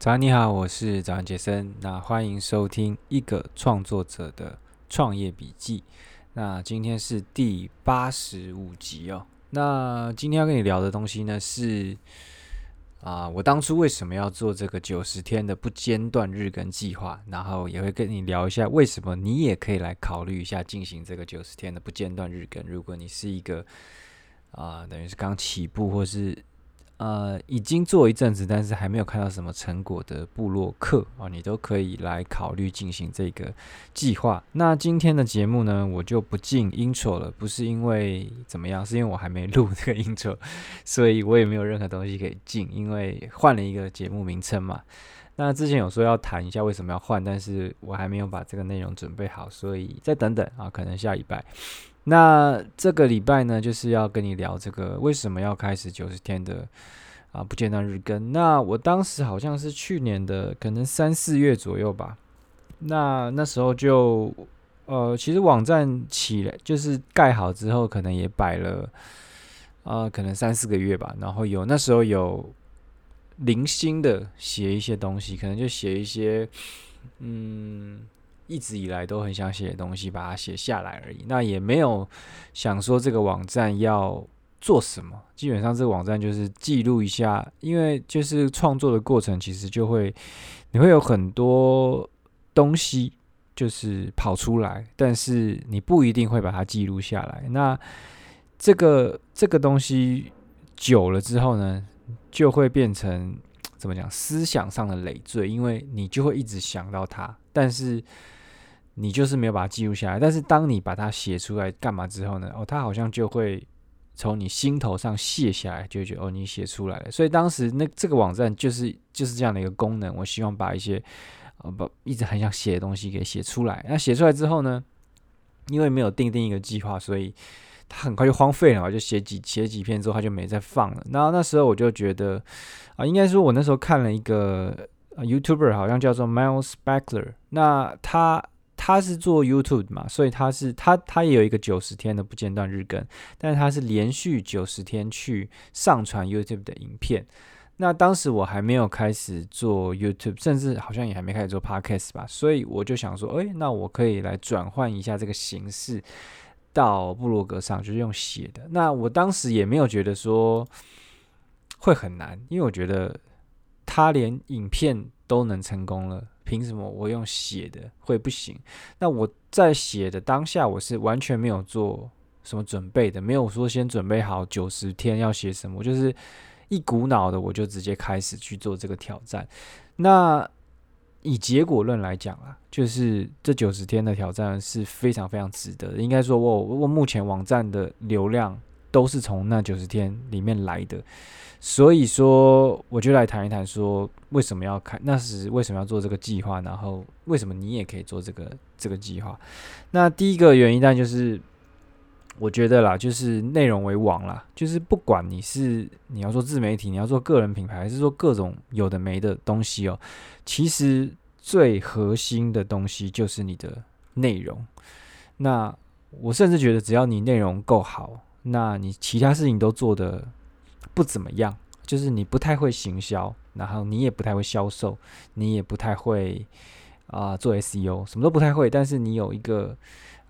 早安，你好，我是早安傑森。那歡迎收聽一個創作者的創業筆記。那今天是第八十五集哦。那今天要跟你聊的東西呢是啊、呃，我當初為什麼要做這個九十天的不間斷日更計劃？然後也會跟你聊一下，為什麼你也可以來考慮一下進行這個九十天的不間斷日更。如果你是一個啊、呃，等於是剛起步或是，呃，已經做一陣子，但是還沒有看到什麼成果的部落客啊，你都可以來考慮進行這個計劃。那今天的節目呢，我就不進 intro 了，不是因為怎麼樣，是因為我還沒錄這個 intro，所以我也沒有任何東西可以進，因為換了一個節目名稱嘛。那之前有說要談一下為什麼要換，但是我還沒有把這個內容準備好，所以再等等啊，可能下禮拜。那這個禮拜呢，就是要跟你聊這個為什麼要開始九十天的啊不間斷日更。那我當時好像是去年的可能三四月左右吧。那那時候就呃，其實網站起來就是蓋好之後，可能也擺了啊、呃，可能三四個月吧。然後有那時候有零星的寫一些東西，可能就寫一些嗯。一直以來都很想寫的東西，把它寫下來而已。那也沒有想說這個網站要做什麼。基本上，這個網站就是記錄一下，因為就是創作的過程，其實就會你會有很多東西就是跑出來，但是你不一定會把它記錄下來。那這個這個東西久了之後呢，就會變成怎麼講思想上，的累贅，因為你就會一直想到它，但是。你就是沒有把它記錄下來，但是當你把它寫出來幹嘛之後呢？哦，它好像就會從你心頭上卸下來，就覺得哦，你寫出來了。所以當時那這個網站就是就是這樣的一個功能。我希望把一些不、哦、一直很想寫的東西給寫出來。那寫出來之後呢？因為沒有定定一個計劃，所以它很快就荒廢了。就寫幾寫幾篇之後，它就沒再放了。然後那時候我就覺得啊、呃，應該說我那時候看了一個、呃、YouTuber 好像叫做 Miles Backler，那他。他是做 YouTube 嘛，所以他是他他也有一個九十天的不間斷日更，但是他是連續九十天去上傳 YouTube 的影片。那當時我還沒有開始做 YouTube，甚至好像也還沒開始做 Podcast 吧，所以我就想說，哎，那我可以來轉換一下這個形式到部落格上，就是用寫的。那我當時也沒有覺得說會很難，因為我覺得他連影片都能成功了。憑什麼我用寫的會不行？那我在寫的當下，我是完全沒有做什麼準備的，沒有說先準備好九十天要寫什麼，就是一股腦的我就直接開始去做這個挑戰。那以結果論來講啊，就是這九十天的挑戰是非常非常值得的，應該說我，我目前網站的流量。都是從那九十天裡面來的，所以說我就來談一談，說為什麼要開，那是為什麼要做這個計劃，然後為什麼你也可以做這個這個計劃。那第一個原因但就是我覺得啦，就是內容為王啦，就是不管你是你要做自媒體，你要做個人品牌，還是做各種有的沒的東西哦，其實最核心的東西就是你的內容。那我甚至覺得，只要你內容夠好。那你其他事情都做得不怎麼樣，就是你不太會行銷，然後你也不太會銷售，你也不太會啊、呃、做 SEO，什麼都不太會。但是你有一個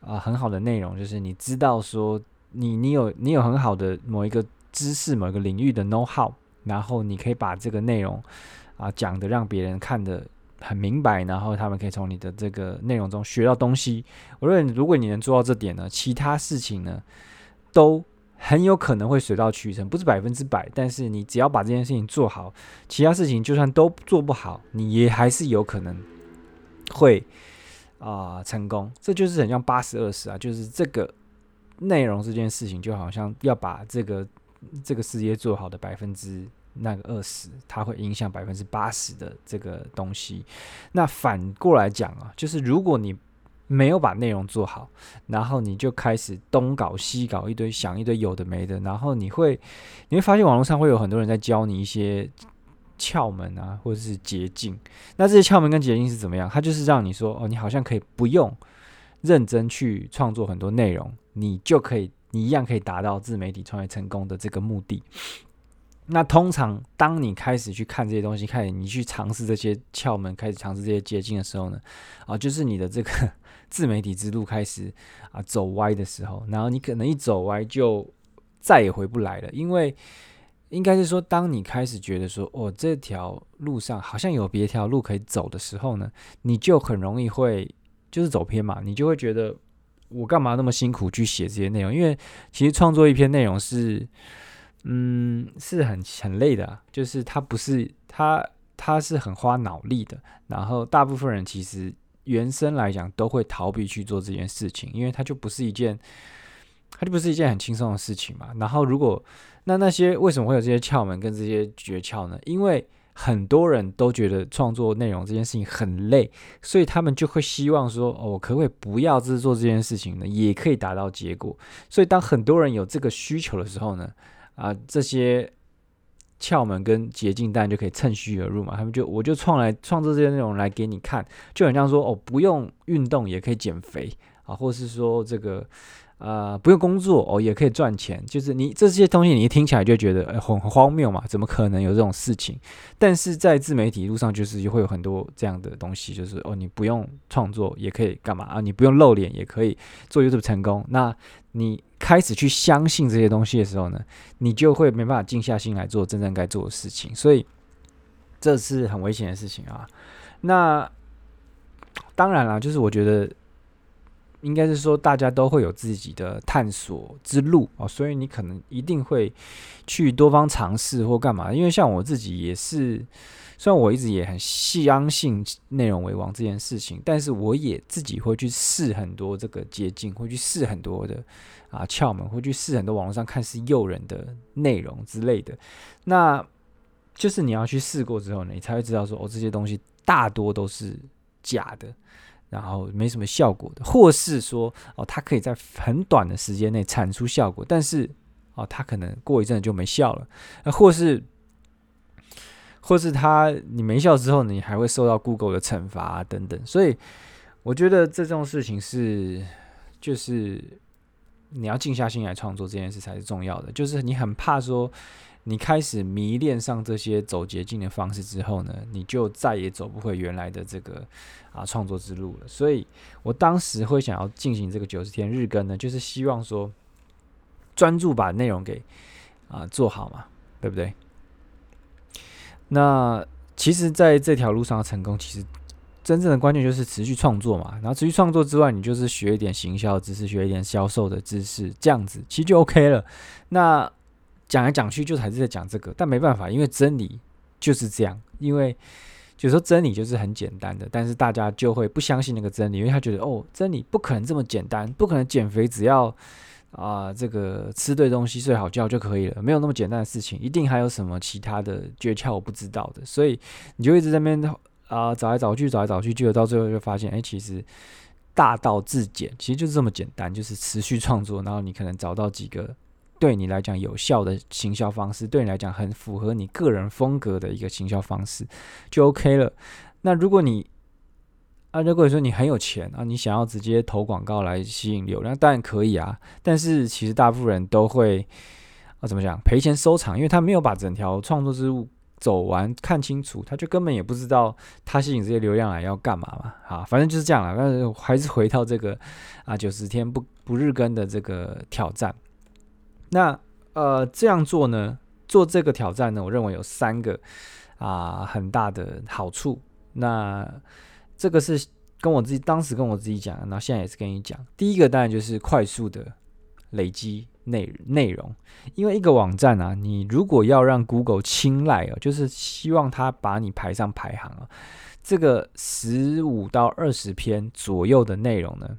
啊、呃、很好的內容，就是你知道說你你有你有很好的某一個知識某一個領域的 know how，然後你可以把這個內容啊、呃、講得讓別人看得很明白，然後他們可以從你的這個內容中學到東西。我認為如果你能做到這點呢，其他事情呢。都很有可能會水到渠成，不是百分之百，但是你只要把這件事情做好，其他事情就算都做不好，你也還是有可能會啊、呃、成功。這就是很像八十二十啊，就是這個內容這件事情就好像要把這個這個事業做好的百分之那個二十，它會影響百分之八十的這個東西。那反過來講啊，就是如果你。沒有把內容做好，然後你就開始東搞西搞一堆，想一堆有的沒的，然後你會你會發現網絡上會有很多人在教你一些竅門啊，或者是捷徑。那這些竅門跟捷徑是怎麼樣？它就是讓你說哦，你好像可以不用認真去創作很多內容，你就可以，你一樣可以達到自媒體創業成功的這個目的。那通常當你開始去看這些東西，開始你去嘗試這些竅門，開始嘗試這些捷徑的時候呢，啊、哦，就是你的這個。自媒體之路開始啊走歪的時候，然後你可能一走歪就再也回不來了。因為應該是說，當你開始覺得說，哦，這條路上好像有別條路可以走的時候呢，你就很容易會就是走偏嘛。你就會覺得我幹嘛那麼辛苦去寫這些內容？因為其實創作一篇內容是，嗯，是很很累的啊，就是它不是它它是很花腦力的。然後大部分人其實。原生來講都會逃避去做這件事情，因為它就不是一件，它就不是一件很輕鬆的事情嘛。然後如果那那些為什麼會有這些竅門跟這些訣竅呢？因為很多人都覺得創作內容這件事情很累，所以他們就會希望說，哦，我可不可以不要做這件事情呢？也可以達到結果。所以當很多人有這個需求的時候呢，啊、呃，這些。竅門跟捷徑，當就可以趁虛而入嘛。他們就我就創來創作這些內容來給你看，就很像說哦，不用運動也可以減肥啊，或是說這個呃不用工作哦也可以賺錢，就是你這些東西你一聽起來就覺得、欸、很荒謬嘛，怎麼可能有這種事情？但是在自媒體路上，就是會有很多這樣的東西，就是哦你不用創作也可以幹嘛啊，你不用露臉也可以做 YouTube 成功那。你開始去相信這些東西的時候呢，你就會沒辦法靜下心來做真正該做的事情，所以這是很危險的事情啊。那當然了，就是我覺得應該是說大家都會有自己的探索之路啊，所以你可能一定會去多方嘗試或幹嘛，因為像我自己也是。雖然我一直也很相信內容為王這件事情，但是我也自己會去試很多這個捷徑，會去試很多的啊竅門，會去試很多網絡上看似誘人的內容之類的。那就是你要去試過之後呢，你才會知道說哦，這些東西大多都是假的，然後沒什麼效果的，或是說哦，它可以在很短的時間內產出效果，但是哦，它可能過一陣就沒效了，呃，或是。或是他你沒效之後，你還會受到 Google 的懲罰等等，所以我覺得這種事情是，就是你要靜下心來創作這件事才是重要的。就是你很怕說，你開始迷戀上這些走捷徑的方式之後呢，你就再也走不回原來的這個啊創作之路了。所以我當時會想要進行這個90天日更呢，就是希望說專注把內容給啊做好嘛，對不對？那其實，在這條路上的成功，其實真正的關鍵就是持續創作嘛。然後，持續創作之外，你就是學一點行銷知識，學一點銷售的知識，這樣子其實就 OK 了。那講來講去，就還是在講這個，但沒辦法，因為真理就是這樣。因為就是說，真理就是很簡單的，但是大家就會不相信那個真理，因為他覺得哦，真理不可能這麼簡單，不可能減肥只要。啊、呃，這個吃對東西、睡好覺就可以了，沒有那麼簡單的事情，一定還有什麼其他的訣竅我不知道的，所以你就一直在那邊啊、呃、找來找去、找來找去，結果到最後就發現，哎、欸，其實大道至簡，其實就是這麼簡單，就是持續創作，然後你可能找到幾個對你來講有效的行銷方式，對你來講很符合你個人風格的一個行銷方式，就 OK 了。那如果你啊，如果說你很有錢啊，你想要直接投廣告來吸引流量，當然可以啊。但是其實大部分人都會啊，怎麼講？賠錢收場，因為他沒有把整條創作之路走完，看清楚，他就根本也不知道他吸引這些流量來要幹嘛嘛。啊，反正就是這樣了。但是還是回到這個啊，九十天不不日更的這個挑戰。那呃，這樣做呢，做這個挑戰呢，我認為有三個啊很大的好處。那這個是跟我自己當時跟我自己講的，然後現在也是跟你講。第一個當然就是快速的累積內內容，因為一個網站啊，你如果要讓 Google 青睞哦、啊，就是希望它把你排上排行啊，這個十五到二十篇左右的內容呢，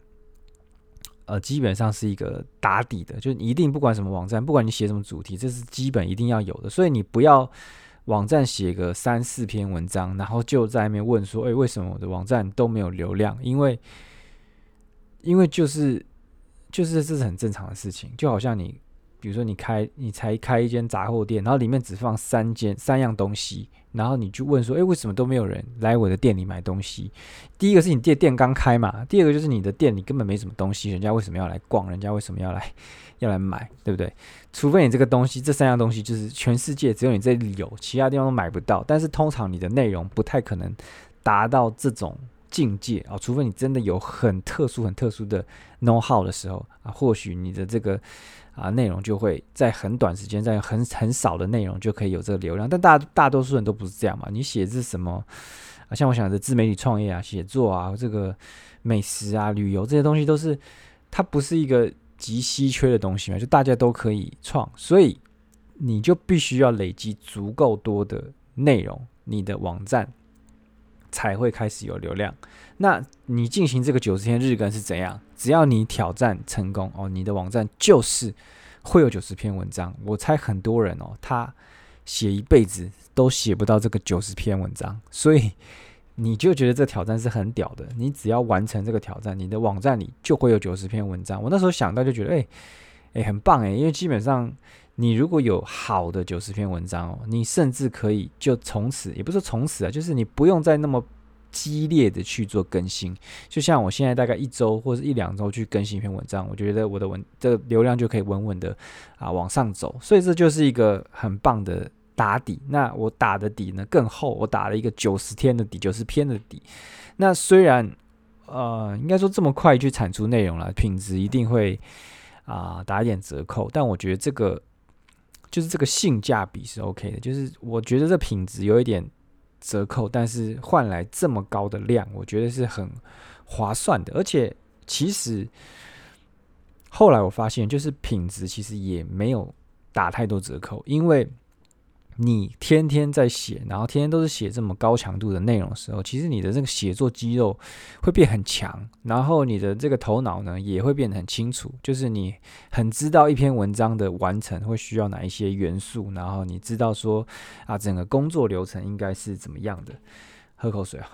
呃，基本上是一個打底的，就是一定不管什麼網站，不管你寫什麼主題，這是基本一定要有的，所以你不要。網站寫個三四篇文章，然後就在那邊問說：“哎，為什麼我的網站都沒有流量？”因為，因為就是，就是這是很正常的事情，就好像你。比如說，你開你才開一間雜貨店，然後裡面只放三件，三樣東西，然後你就問說：“誒，為什麼都沒有人來我的店裡買東西？”第一個是你店店剛開嘛，第二個就是你的店裡根本沒什麼東西，人家為什麼要來逛？人家為什麼要來要來買？對不對？除非你這個東西這三樣東西就是全世界只有你這裡有，其他地方都買不到。但是通常你的內容不太可能達到這種境界啊，哦，除非你真的有很特殊很特殊的 know how 的時候啊，或許你的這個。啊，內容就會在很短時間，在很很少的內容就可以有這個流量，但大大多數人都不是這樣嘛。你寫字什麼啊？像我想的自媒體創業啊，寫作啊，這個美食啊，旅遊這些東西都是，它不是一個極稀缺的東西嘛，就大家都可以創，所以你就必須要累積足夠多的內容，你的網站才會開始有流量。那你進行這個90天日更是怎樣？只要你挑戰成功哦，你的網站就是會有九十篇文章。我猜很多人哦，他寫一輩子都寫不到這個九十篇文章，所以你就覺得這挑戰是很屌的。你只要完成這個挑戰，你的網站裡就會有九十篇文章。我那時候想到就覺得，誒、欸、誒、欸、很棒誒、欸，因為基本上你如果有好的九十篇文章哦，你甚至可以就從此，也不是從此啊，就是你不用再那麼。激烈的去做更新，就像我現在大概一周或是一兩周去更新一篇文章，我覺得我的文這個流量就可以穩穩的啊往上走，所以這就是一個很棒的打底。那我打的底呢，更厚，我打了一個九十天的底，九十篇的底。那雖然呃，應該說這麼快去產出內容了，品質一定會啊、呃、打一點折扣，但我覺得這個就是這個性價比是 OK 的，就是我覺得這品質有一點。折扣，但是換來這麼高的量，我覺得是很划算的。而且，其實後來我發現，就是品質其實也沒有打太多折扣，因為。你天天在寫，然後天天都是寫這麼高強度的內容的時候，其實你的這個寫作肌肉會變很強，然後你的這個頭腦呢也會變得很清楚，就是你很知道一篇文章的完成會需要哪一些元素，然後你知道說啊，整個工作流程應該是怎麼樣的。喝口水啊。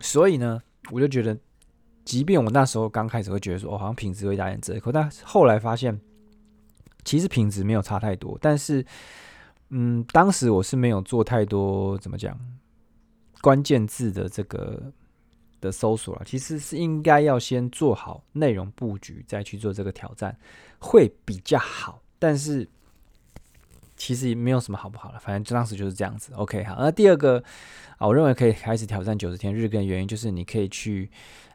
所以呢，我就覺得，即便我那時候剛開始會覺得說，哦，好像品質會打點折扣，這個，但後來發現。其實品質沒有差太多，但是，嗯，當時我是沒有做太多怎麼講關鍵字的這個的搜索了。其實是應該要先做好內容佈局，再去做這個挑戰會比較好。但是其實也沒有什麼好不好了，反正當時就是這樣子。OK，好。那第二個啊，我認為可以開始挑戰90天日更的原因就是你可以去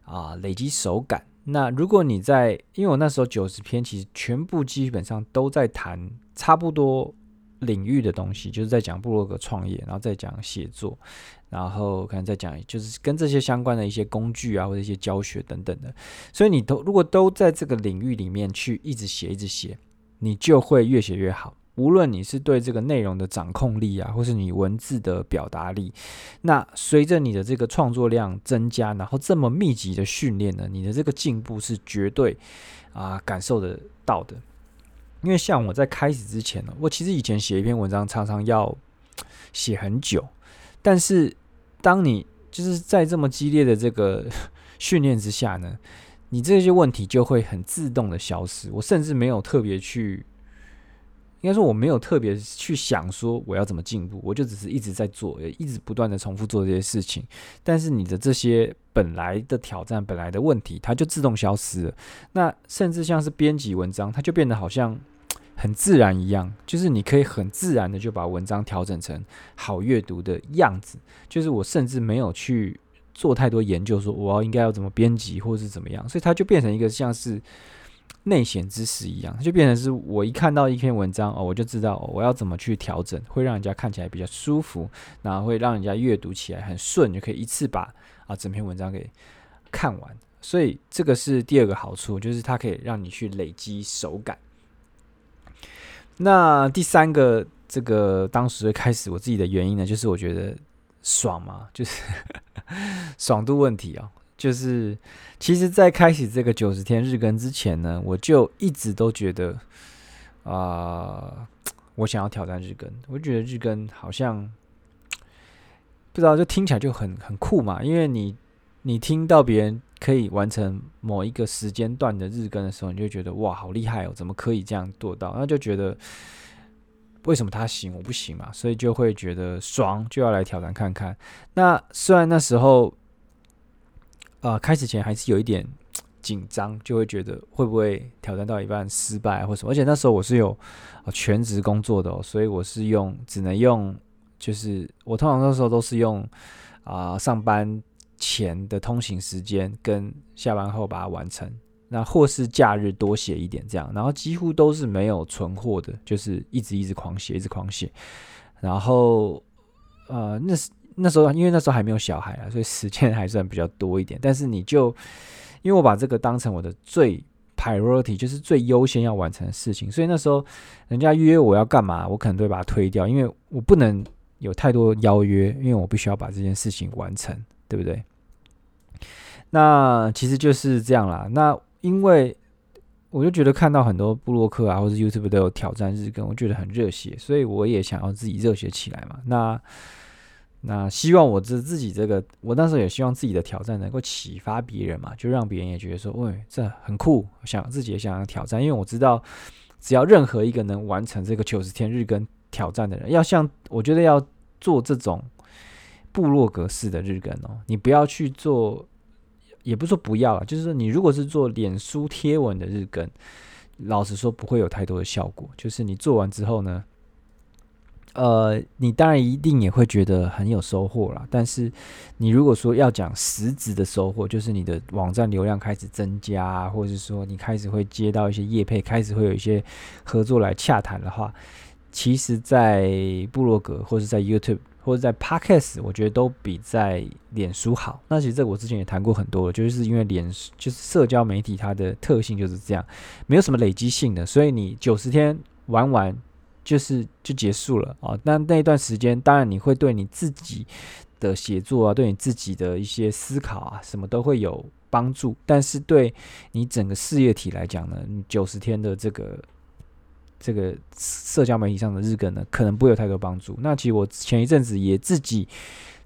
啊累積手感。那如果你在，因為我那時候九十篇，其實全部基本上都在談差不多領域的東西，就是在講部落格創業，然後再講寫作，然後可能再講就是跟這些相關的一些工具啊，或者一些教學等等的。所以你都如果都在這個領域裡面去一直寫，一直寫，你就會越寫越好。無論你是對這個內容的掌控力啊，或是你文字的表達力，那隨着你的這個創作量增加，然後這麼密集的訓練呢，你的這個進步是絕對啊，呃，感受得到的。因為像我在開始之前呢，我其實以前寫一篇文章常常要寫很久，但是當你就是在這麼激烈的這個訓練之下呢，你這些問題就會很自動的消失。我甚至沒有特別去。應該說我沒有特別去想說我要怎麼進步，我就只是一直在做，一直不斷的重複做這些事情。但是你的這些本來的挑戰、本來的問題，它就自動消失了。那甚至像是編輯文章，它就變得好像很自然一樣，就是你可以很自然的就把文章調整成好閱讀的樣子。就是我甚至沒有去做太多研究，說我要應該要怎麼編輯或是怎麼樣，所以它就變成一個像是。內顯知識一樣，就變成是我一看到一篇文章哦，我就知道、哦、我要怎麼去調整，會讓人家看起來比較舒服，然後，會讓人家閱讀起來很順，就可以一次把啊整篇文章給看完。所以這個是第二個好處，就是它可以讓你去累積手感。那第三個，這個當時開始我自己的原因呢，就是我覺得爽嘛，就是 爽度問題哦。就是，其實，在開始這個九十天日更之前呢，我就一直都覺得，啊、呃，我想要挑戰日更。我覺得日更好像不知道，就聽起來就很很酷嘛。因為你你聽到別人可以完成某一個時間段的日更的時候，你就覺得哇，好厲害哦，怎麼可以這樣做到？然後就覺得為什麼他行我不行嘛？所以就會覺得爽，就要來挑戰看看。那雖然那時候。啊、呃，開始前還是有一點緊張，就會覺得會不會挑戰到一半失敗或什麼。而且那時候我是有、呃、全職工作的，哦，所以我是用只能用，就是我通常那時候都是用啊、呃、上班前的通勤時間跟下班後把它完成，那或是假日多寫一點這樣，然後幾乎都是沒有存貨的，就是一直一直狂寫，一直狂寫，然後呃那是。那時候因為那時候還沒有小孩啊，所以時間還算比較多一點。但是你就因為我把這個當成我的最 priority，就是最優先要完成的事情，所以那時候人家約我要幹嘛，我可能都會把它推掉，因為我不能有太多邀約，因為我必須要把這件事情完成，對不對？那其實就是這樣啦。那因為我就覺得看到很多部落客啊，或者是 YouTube 都有挑戰日更，我覺得很熱血，所以我也想要自己熱血起來嘛。那那希望我是自己這個，我那時候也希望自己的挑戰能夠啟發別人嘛，就讓別人也覺得說，喂，這很酷，想自己也想要挑戰。因為我知道，只要任何一個能完成這個九十天日更挑戰的人，要像我覺得要做這種部落格式的日更哦，你不要去做，也不是說不要啦，就是說你如果是做臉書貼文的日更，老實說不會有太多的效果。就是你做完之後呢，呃，你當然一定也會覺得很有收穫啦。但是，你如果說要講實質的收穫，就是你的網站流量開始增加，或者是說你開始會接到一些業配，開始會有一些合作來洽談的話，其實，在部落格或者在 YouTube 或者在 Podcast，我覺得都比在臉書好。那其實這個我之前也談過很多了，就是因為臉就是社交媒體它的特性就是這樣，沒有什麼累積性的，所以你九十天玩完。就是就結束了啊！那那一段時間，當然你會對你自己的寫作啊，對你自己的一些思考啊，什麼都會有幫助。但是對你整個事業體來講呢，你九十天的這個這個社交媒體上的日更呢，可能不會有太多幫助。那其實我前一陣子也自己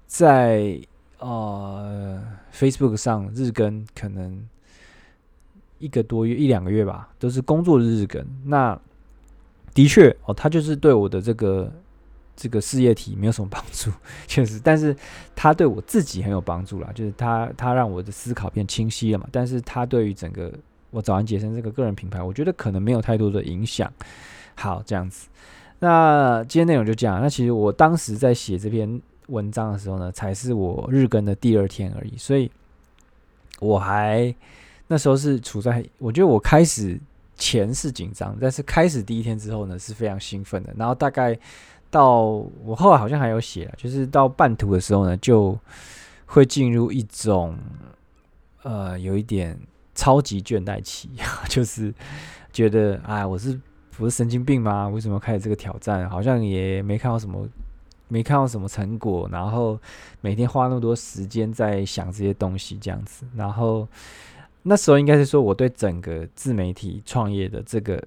在呃 Facebook 上日更，可能一個多月一兩個月吧，都是工作日日更。那的確哦，他就是對我的這個這個事業體沒有什麼幫助，確實。但是他對我自己很有幫助啦，就是他他讓我的思考變清晰了嘛。但是，他對於整個我早安傑森這個個人品牌，我覺得可能沒有太多的影響。好，這樣子。那今天內容就這樣。那其實我當時在寫這篇文章的時候呢，才是我日更的第二天而已，所以我還那時候是處在我覺得我開始。前是緊張，但是開始第一天之後呢，是非常興奮的。然後大概到我後來好像還有寫啦，就是到半途的時候呢，就會進入一種呃，有一點超級倦怠期，就是覺得哎，我是不是神經病嗎？為什麼要開始這個挑戰？好像也沒看到什麼，沒看到什麼成果，然後每天花那麼多時間在想這些東西這樣子，然後。那時候應該是說，我對整個自媒體創業的這個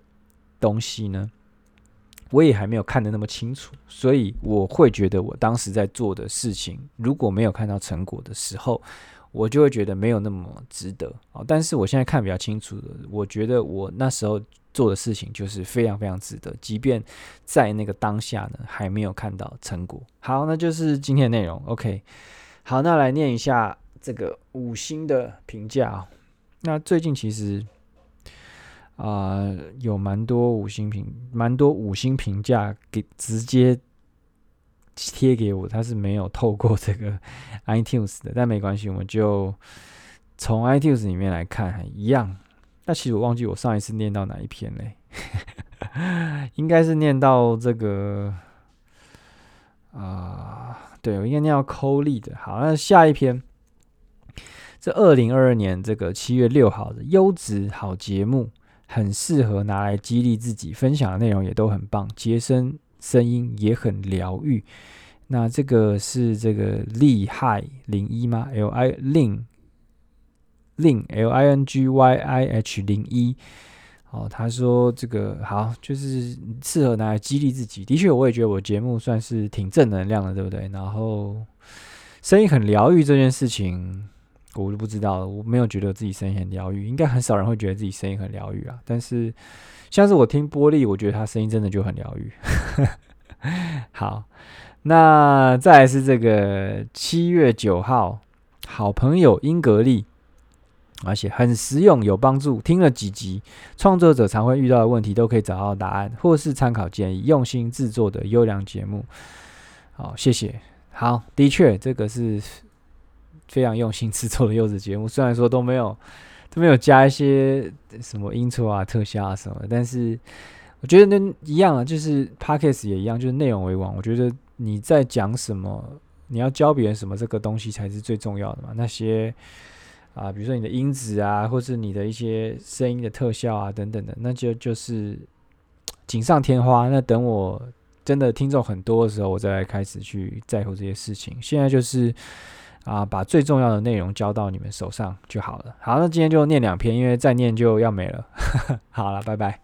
東西呢，我也還沒有看得那麼清楚，所以我會覺得我當時在做的事情，如果沒有看到成果的時候，我就會覺得沒有那麼值得啊。但是我現在看比較清楚的，我覺得我那時候做的事情就是非常非常值得，即便在那個當下呢，還沒有看到成果。好，那就是今天的內容。OK，好，那來念一下這個五星的評價啊。那最近其實啊、呃，有蠻多五星評，蠻多五星評價給直接貼給我，他是沒有透過這個 iTunes 的，但沒關係，我們就從 iTunes 裡面來看還一樣。那其實我忘記我上一次念到哪一篇嘞？ 應該是念到這個啊、呃，對，我應該念到扣力的。好，那下一篇。這二零二二年這個七月六號的優質好節目，很適合拿來激勵自己，分享的內容也都很棒，杰森聲，聲音也很療癒。那這個是這個厲害零一嗎？L I LING L I N G Y I H 零一哦，他說這個好，就是適合拿來激勵自己。的確，我也覺得我節目算是挺正能量的，對不對？然後聲音很療癒這件事情。我就不知道了，我沒有覺得自己聲音很療癒，應該很少人會覺得自己聲音很療癒啊。但是像是我聽玻璃，我覺得他聲音真的就很療癒。 好，那再來是這個七月九號，好朋友英格麗，而且很實用、有幫助，聽了幾集，創作者常會遇到的問題都可以找到答案，或是參考建議，用心制作的優良節目。好，謝謝。好，的確，這個是。非常用心製作的優質節目，雖然說都沒有都沒有加一些什麼 intro 啊、特效啊什麼的，但是我覺得那一樣啊，就是 podcast 也一樣，就是內容為王。我覺得你在講什麼，你要教別人什麼，這個東西才是最重要的嘛。那些啊，比如說你的音質啊，或是你的一些聲音的特效啊等等的，那就就是錦上添花。那等我真的聽眾很多的時候，我再來開始去在乎這些事情。現在就是。啊，把最重要的內容交到你們手上就好了。好，那今天就念兩篇，因為再念就要沒了。 好了，拜拜。